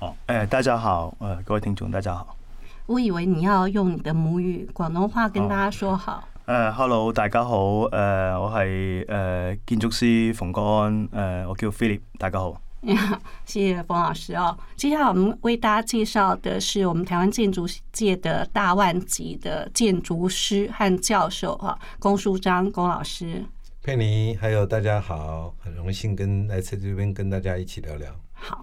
哦呃、大家好，誒、呃，各位聽眾大家好。我以為你要用你的母語廣東話跟大家說好。哦、呃 Hello 大家好，呃我是呃建築師馮國安，呃我叫 Philip，大家好。呀，謝謝馮老師哦。接下來我們為大家介紹的是我們台灣建築界的大腕級的建築師和教授哈、啊，龔書章龔老師。佩霓，還有大家好，很榮幸跟來側這邊跟大家一起聊聊。好。